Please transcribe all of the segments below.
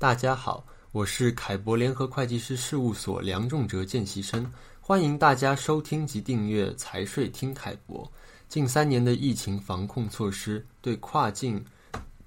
大家好，我是凱博聯合會計師事務所梁仲哲見習生，歡迎大家收聽及訂閱財稅聽凱博。近三年的疫情防控措施對跨境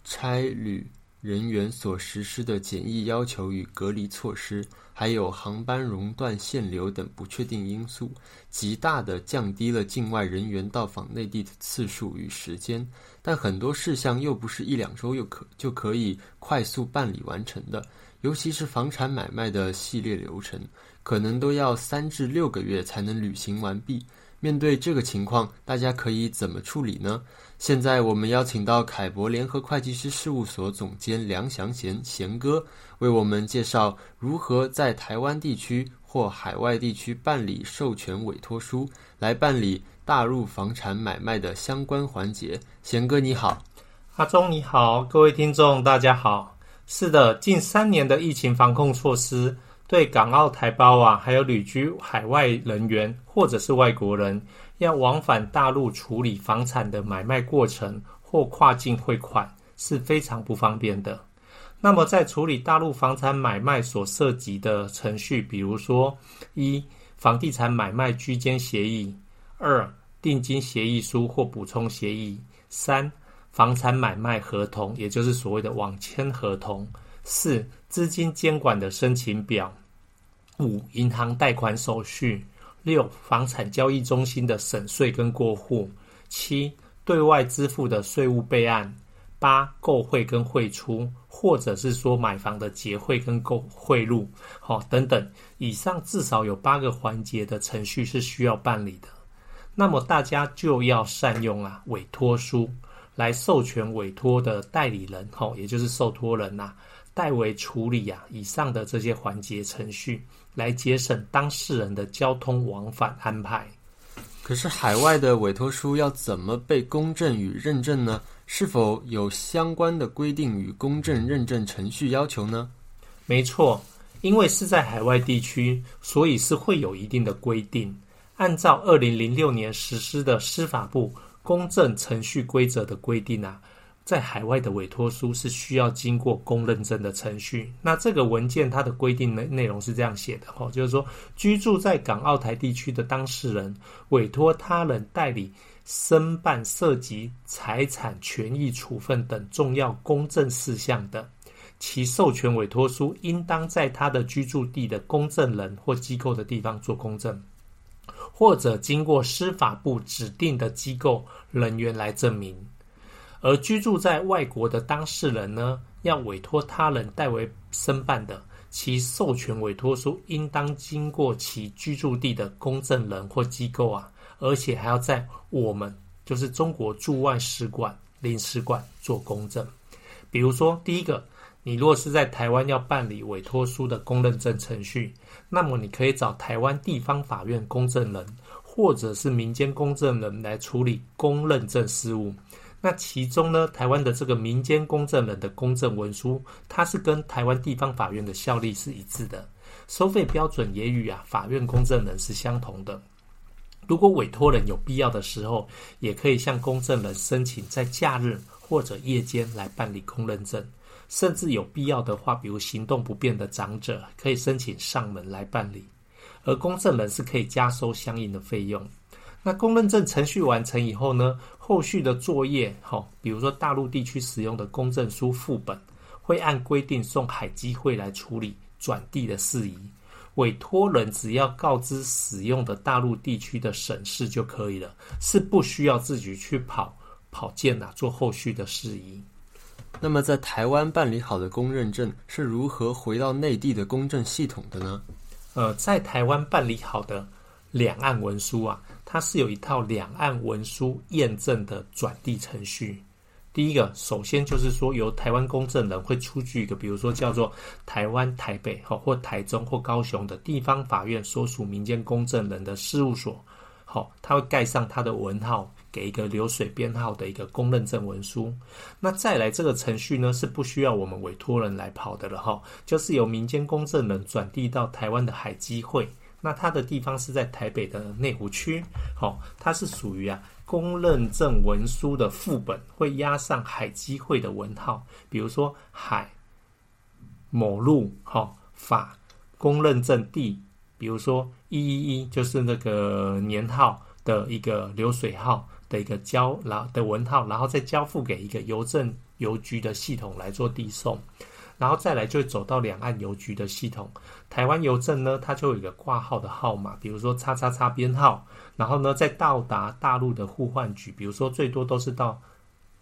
差旅人員所實施的檢疫要求與隔離措施，還有航班熔斷、限流等不確定因素，極大的降低了境外人員到訪內地的次數與時間。但很多事項又不是一兩周又可就可以快速辦理完成的，尤其是房產買賣的系列流程，可能都要三至六個月才能履行完畢。面對這個情況，大家可以怎麼處理呢？現在我們邀請到凱博聯合會計師事務所總監梁祥賢賢哥，為我們介紹如何在台灣地區或海外地區辦理授權委託書，來辦理大陸房產買賣的相關環節。賢哥你好，阿忠你好，各位聽眾大家好。是的，近三年的疫情防控措施。對港澳台胞啊，還有旅居海外人員或者是外國人，要往返大陸處理房產的買賣過程或跨境匯款是非常不方便的。那麼，在處理大陸房產買賣所涉及的程序，比如說：一、房地產買賣居間協議；二、定金協議書或補充協議；三、房產買賣合同，也就是所謂的網簽合同；四。資金監管的申請表，五銀行貸款手續，六房產交易中心的審稅跟過戶，七對外支付的稅務備案，八購匯跟匯出，或者是說買房的結匯跟購匯入，好、哦、等等，以上至少有八個環節的程序是需要辦理的。那麼大家就要善用啊委托書來授權委托的代理人，哈、哦，也就是受托人吶、啊。代為處理啊，以上的這些環節程序，來節省當事人的交通往返安排。可是海外的委託書要怎麼被公證與認證呢？是否有相關的規定與公證認證程序要求呢？沒錯，因為是在海外地區，所以是會有一定的規定。按照二零零六年實施的司法部公證程序規則的規定啊。在海外的委託書是需要經過公認證的程序。那這個文件它的規定內內容是這樣寫的哈，就是說，居住在港澳台地區的當事人委託他人代理申辦涉及財產權益處分等重要公證事項的，其授權委託書應當在他的居住地的公證人或機構的地方做公證，或者經過司法部指定的機構人員來證明。而居住在外國的當事人呢，要委托他人代為申辦的，其授權委托書應當經過其居住地的公證人或機構啊，而且還要在我們就是中國駐外使館、領事館做公證。比如說，第一個，你若是在台灣要辦理委托書的公認證程序，那麼你可以找台灣地方法院公證人，或者是民間公證人來處理公認證事務。那其中呢，台灣的這個民間公證人的公證文書，它是跟台灣地方法院的效力是一致的，收費標準也與啊法院公證人是相同的。如果委托人有必要的時候，也可以向公證人申請在假日或者夜間來辦理公認證，甚至有必要的話，比如行動不便的長者，可以申請上門來辦理，而公證人是可以加收相應的費用。那公認證程序完成以後呢，後續的作業，好、哦，比如說大陸地區使用的公證書副本，會按規定送海基會來處理轉遞的事宜。委託人只要告知使用的大陸地區的省市就可以了，是不需要自己去跑跑件吶，做後續的事宜。那麼在台灣辦理好的公認證是如何回到內地的公證系統的呢？呃，在台灣辦理好的兩岸文書啊。它是有一套兩岸文書驗證的轉遞程序。第一個，首先就是說，由台灣公證人會出具一個，比如說叫做台灣台北、或台中或高雄的地方法院所屬民間公證人的事務所，好，他會蓋上他的文號，給一個流水編號的一個公認證文書。那再來這個程序呢，是不需要我們委託人來跑的了哈，就是由民間公證人轉遞到台灣的海基會。那它的地方是在台北的內湖區，好、哦，它是屬於啊公認證文書的副本，會壓上海基會的文號，比如說海某路哈、哦、法公認證第，比如說一一一就是那個年號的一個流水號的一個交然後的文號，然後再交付給一個郵政郵局的系統來做遞送。然後再來就會走到兩岸郵局的系統，臺灣郵政呢，它就有一個掛號的號碼，比如說叉叉叉編號，然後呢再到達大陸的互換局，比如說最多都是到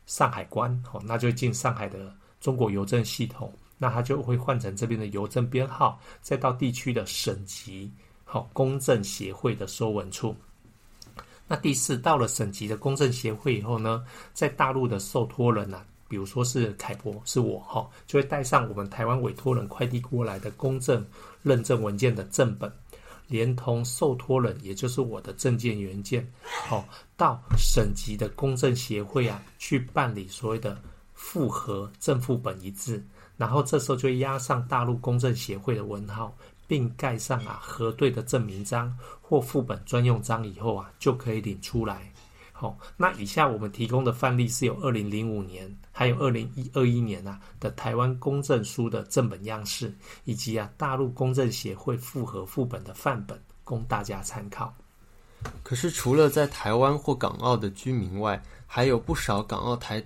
上海關，好、哦，那就進上海的中國郵政系統，那它就會換成這邊的郵政編號，再到地區的省級好、哦、公證協會的收文處。那第四到了省級的公證協會以後呢，在大陸的受托人啊。比如說是凱博是我哈、哦，就會帶上我們台灣委託人快遞過來的公證認證文件的正本，連同受託人也就是我的證件原件，哦，到省級的公證協會啊去辦理所謂的複核正副本一致，然後這時候就會壓上大陸公證協會的文號，並蓋上啊核對的證明章或副本專用章以後啊，就可以領出來。哦、那以下我們提供的範例是有二零零五年，還有二零一二一年啊的台灣公證書的正本樣式，以及啊大陸公證協會複合副本的範本，供大家參考。可是除了在台灣或港澳的居民外，還有不少港澳台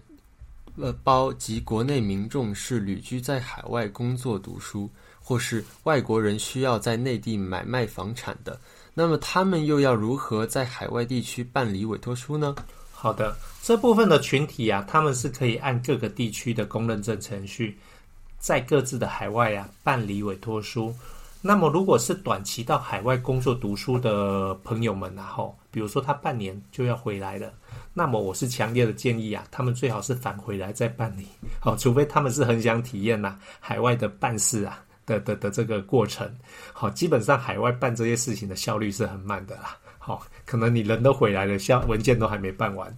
呃胞及國內民眾是旅居在海外工作、讀書，或是外國人需要在內地買賣房產的。那麼他們又要如何在海外地區辦理委託書呢？好的，這部分的群體啊，他們是可以按各個地區的公認證程序，在各自的海外啊辦理委託書。那麼如果是短期到海外工作、讀書的朋友們啊，然後，哦，比如說他半年就要回來了，那麼我是強烈的建議啊，他們最好是返回來再辦理，好，哦，除非他們是很想體驗吶，啊，海外的辦事啊。的的的這個過程，好，基本上海外辦這些事情的效率是很慢的啦。好，可能你人都回來了，效文件都還沒辦完。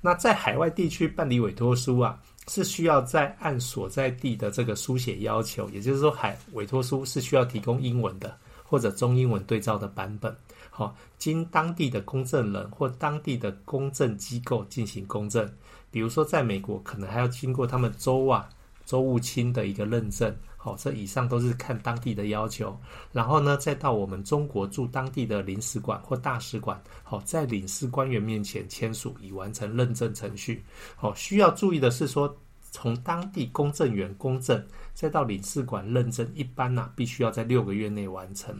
那在海外地區辦理委托書啊，是需要再按所在地的這個書寫要求，也就是說海，海委托書是需要提供英文的或者中英文對照的版本。好，經當地的公證人或當地的公證機構進行公證。比如說，在美國，可能還要經過他們州啊。州務卿的一個認證，好、哦，這以上都是看當地的要求，然後呢，再到我們中國駐當地的領事館或大使館，好、哦，在領事官員面前簽署，已完成認證程序。好、哦，需要注意的是說，從當地公證員公證，再到領事館認證，一般呢、啊，必須要在六個月內完成，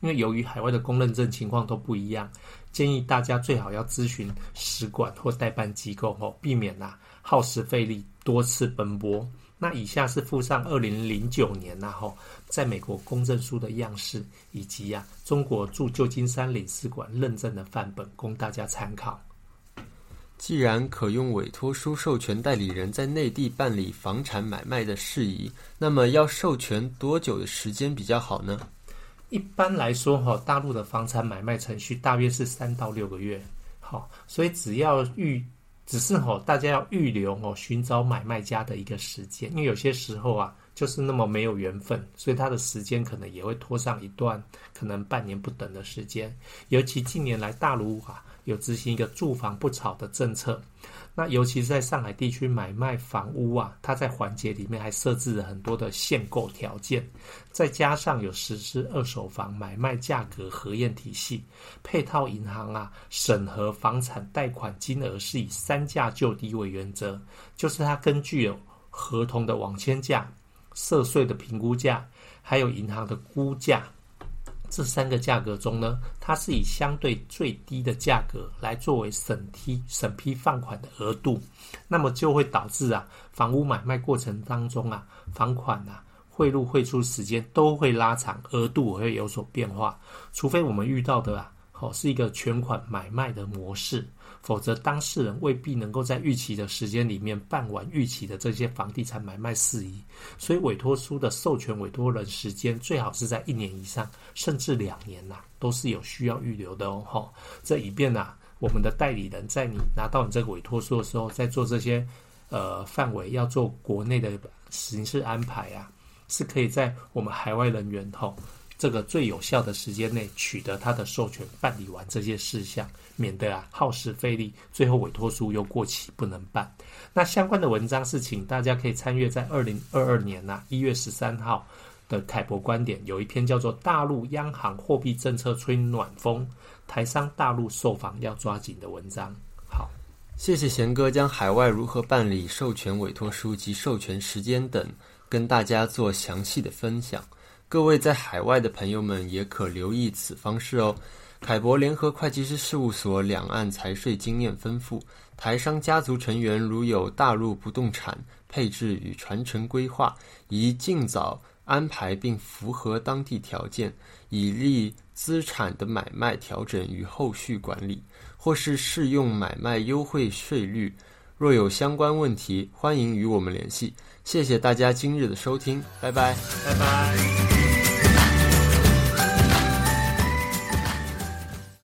因為由於海外的公認證情況都不一樣，建議大家最好要諮詢使館或代辦機構，哦，避免吶、啊，耗時費力。多次奔波，那以下是附上二零零九年吶、啊、哈在美國公證書的樣式，以及呀、啊、中國駐舊金山領事館認證的範本，供大家參考。既然可用委託書授權代理人在內地辦理房產買賣的事宜，那麼要授權多久的時間比較好呢？一般來說哈，大陸的房產買賣程序大約是三到六個月，好，所以只要遇只是吼、哦，大家要預留吼、哦，尋找買賣家的一個時間，因為有些時候啊，就是那麼沒有緣分，所以它的時間可能也會拖上一段，可能半年不等的時間。尤其近年來，大陸啊有執行一個“住房不炒”的政策，那尤其是在上海地區買賣房屋啊，它在環節裡面還設置了很多的限購條件，再加上有實施二手房買賣價格核驗體系，配套銀行啊審核房產貸款金額是以“三價就低”為原則，就是它根據有合同的網簽價。涉稅的評估價，還有銀行的估價，這三個價格中呢，它是以相對最低的價格來作為審批審批放款的額度，那麼就會導致啊，房屋買賣過程當中啊，房款啊匯入匯出時間都會拉長，額度會有所變化，除非我們遇到的啊，好，哦，是一個全款買賣的模式。否則，當事人未必能夠在預期的時間裡面辦完預期的這些房地產買賣事宜，所以委託書的授權委托人時間最好是在一年以上，甚至兩年吶、啊，都是有需要預留的哦。哈，這一邊吶，我們的代理人在你拿到你這個委託書的時候，在做這些，呃，範圍要做國內的行事安排啊，是可以在我們海外人員吼。這個最有效的時間內取得他的授權，辦理完這些事項，免得啊耗時費力，最後委托書又過期不能辦。那相關的文章是請大家可以參閱在二零二二年吶、啊、一月十三號的凱博觀點，有一篇叫做《大陸央行貨幣政策吹暖風，台商大陸售房要抓緊》的文章。好，謝謝賢哥將海外如何辦理授權委托書及授權時間等跟大家做詳細的分享。各位在海外的朋友們也可留意此方式哦。凱博聯合會計師事務所兩岸財稅經驗豐富，台商家族成員如有大陸不動產配置與傳承規劃，宜盡早安排並符合當地條件，以利資產的買賣調整與後續管理，或是適用買賣優惠稅率。若有相關問題，歡迎與我們聯繫。謝謝大家今日的收聽，拜拜，拜拜。